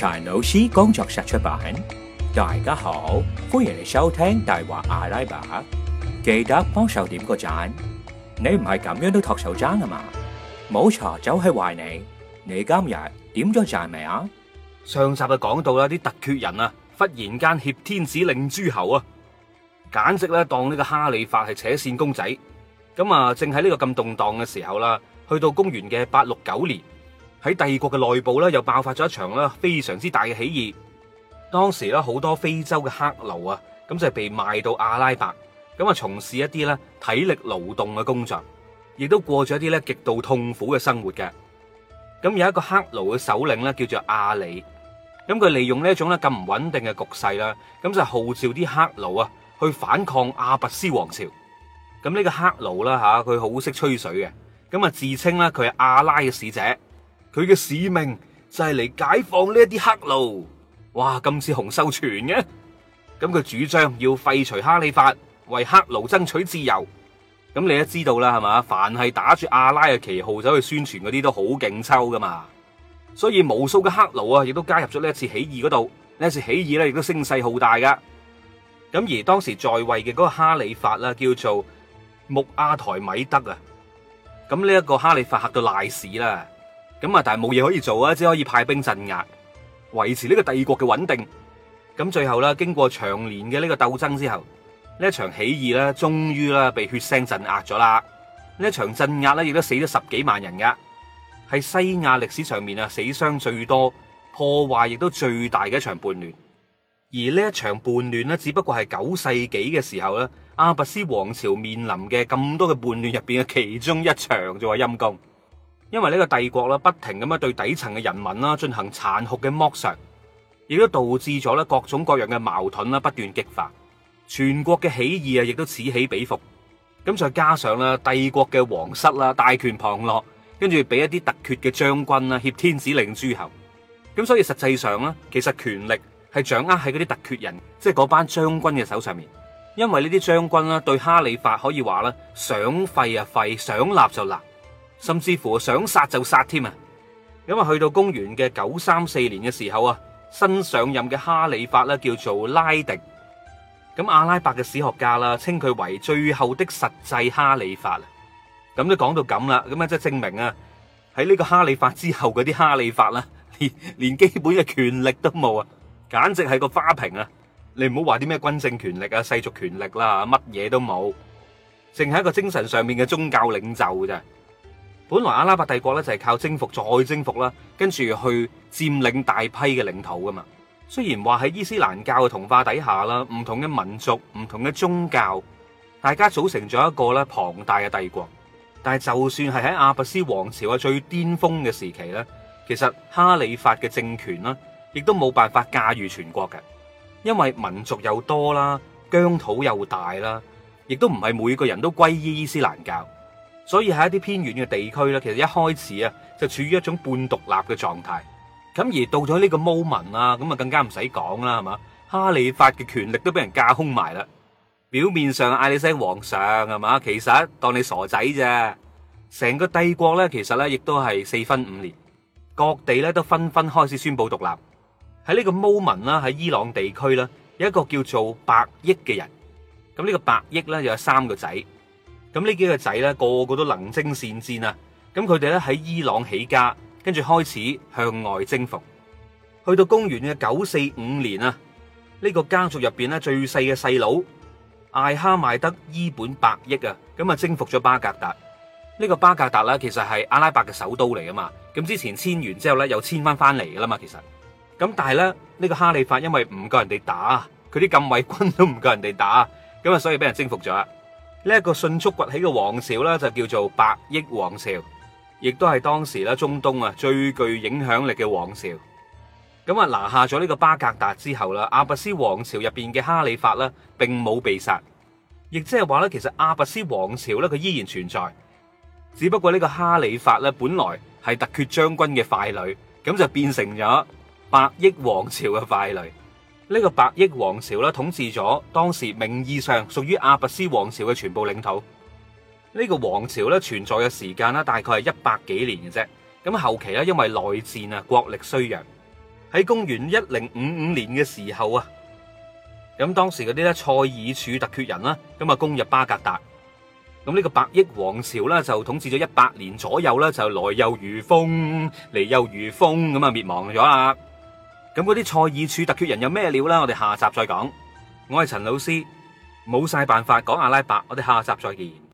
柴老師，工作室出版，大家好，歡迎嚟收聽《大話阿拉伯》記得幫手點個讚，你唔係咁樣都托手踭啊嘛？冇茶酒係壞你。你今日點咗讚未啊？上集就講到啦，啲突厥人啊，忽然間挾天子令諸侯啊，簡直咧當呢個哈利法係扯線公仔。咁啊，正喺呢個咁動盪嘅時候啦，去到公元嘅八六九年。喺帝國嘅內部咧，又爆發咗一場咧非常之大嘅起義。當時咧好多非洲嘅黑奴啊，咁就係被賣到阿拉伯，咁啊從事一啲咧體力勞動嘅工作，亦都過咗一啲咧極度痛苦嘅生活嘅。咁有一個黑奴嘅首領咧，叫做阿里。咁佢利用呢一種咧咁唔穩定嘅局勢啦，咁就號召啲黑奴啊去反抗阿拔斯王朝。咁呢個黑奴啦嚇，佢好識吹水嘅，咁啊自稱咧佢係阿拉嘅使者。佢嘅使命就係嚟解放呢一啲黑奴，哇！咁似洪秀全嘅，咁佢主張要廢除哈里法，為黑奴爭取自由。咁你都知道啦，係嘛？凡係打住阿拉嘅旗號走去宣傳嗰啲都好勁抽噶嘛。所以無數嘅黑奴啊，亦都加入咗呢一次起義嗰度。呢一次起義咧，亦都聲勢浩大噶。咁而當時在位嘅嗰個哈里法啦，啊，叫做穆阿台米德啊。咁呢一個哈里法嚇到賴屎啦。咁啊，但係冇嘢可以做啊，只可以派兵鎮壓，維持呢個帝國嘅穩定。咁最後啦，經過長年嘅呢個鬥爭之後，呢一場起義啦，終於啦被血腥鎮壓咗啦。呢一場鎮壓咧，亦都死咗十幾萬人㗎，係西亞歷史上面啊死傷最多、破壞亦都最大嘅一場叛亂。而呢一場叛亂呢，只不過係九世紀嘅時候咧，阿拔斯王朝面臨嘅咁多嘅叛亂入邊嘅其中一場啫，就係陰公。因為呢個帝國啦，不停咁樣對底層嘅人民啦進行殘酷嘅剝削，亦都導致咗咧各種各樣嘅矛盾啦不斷激化，全國嘅起義啊亦都此起彼伏。咁再加上啦，帝國嘅皇室啦大權旁落，跟住俾一啲突厥嘅將軍啦挾天子令諸侯。咁所以實際上咧，其實權力係掌握喺嗰啲突厥人，即係嗰班將軍嘅手上面。因為呢啲將軍啦，對哈里發可以話咧想廢就廢，想立就立。甚至乎想殺就殺添啊！咁啊去到公元嘅九三四年嘅時候啊，新上任嘅哈里法咧叫做拉迪。咁阿拉伯嘅史學家啦，稱佢為最後的實際哈里法啊。咁都講到咁啦，咁啊即係證明啊，喺呢個哈里法之後嗰啲哈里法啦，連連基本嘅權力都冇啊，簡直係個花瓶啊！你唔好話啲咩軍政權力啊、世俗權力啦，乜嘢都冇，淨係一個精神上面嘅宗教領袖咋。本來阿拉伯帝國咧就係靠征服再征服啦，跟住去佔領大批嘅領土噶嘛。雖然話喺伊斯蘭教嘅同化底下啦，唔同嘅民族、唔同嘅宗教，大家組成咗一個咧龐大嘅帝國。但係就算係喺阿拔斯王朝嘅最巔峰嘅時期咧，其實哈里發嘅政權啦，亦都冇辦法駕馭全國嘅，因為民族又多啦，疆土又大啦，亦都唔係每個人都歸依伊斯蘭教。所以喺一啲偏遠嘅地區啦，其實一開始啊就處於一種半獨立嘅狀態。咁而到咗呢個謀民啊，咁啊更加唔使講啦，係嘛，哈里發嘅權力都俾人架空埋啦。表面上嗌你聲皇上係嘛，其實當你傻仔啫，成個帝國咧，其實咧亦都係四分五裂，各地咧都紛紛開始宣布獨立。喺呢個謀民啦，喺伊朗地區啦，有一個叫做白益嘅人。咁呢個白益咧，又有三個仔。咁呢幾個仔咧，個個都能征善戰啊！咁佢哋咧喺伊朗起家，跟住開始向外征服，去到公元嘅九四五年啊，呢個家族入邊咧最細嘅細佬艾哈邁德伊本白益啊，咁啊征服咗巴格達。呢個巴格達啦，其實係阿拉伯嘅首都嚟噶嘛。咁之前遷完之後咧，又遷翻翻嚟噶啦嘛。其實，咁但係咧呢個哈利法因為唔夠人哋打，佢啲禁衛軍都唔夠人哋打，咁啊所以俾人征服咗。呢一個迅速崛起嘅王朝啦，就叫做白益王朝，亦都係當時啦中東啊最具影響力嘅王朝。咁啊，拿下咗呢個巴格達之後啦，阿拔斯王朝入邊嘅哈里法啦，並冇被殺，亦即係話咧，其實阿拔斯王朝咧佢依然存在，只不過呢個哈里法咧本來係突厥將軍嘅傀儡，咁就變成咗白益王朝嘅傀儡。呢個白益王朝啦，統治咗當時名義上屬於阿拔斯王朝嘅全部領土。呢、這個王朝咧存在嘅時間咧，大概係一百幾年嘅啫。咁後期咧，因為內戰啊，國力衰弱。喺公元一零五五年嘅時候啊，咁當時嗰啲咧塞爾柱突厥人啦，咁啊攻入巴格達。咁、這、呢個白益王朝啦，就統治咗一百年左右啦，就來又如風，嚟又如風，咁啊滅亡咗啦。咁嗰啲賽爾柱突厥人有咩料呢？我哋下集再講。我係陳老師，冇晒辦法講阿拉伯。我哋下集再見。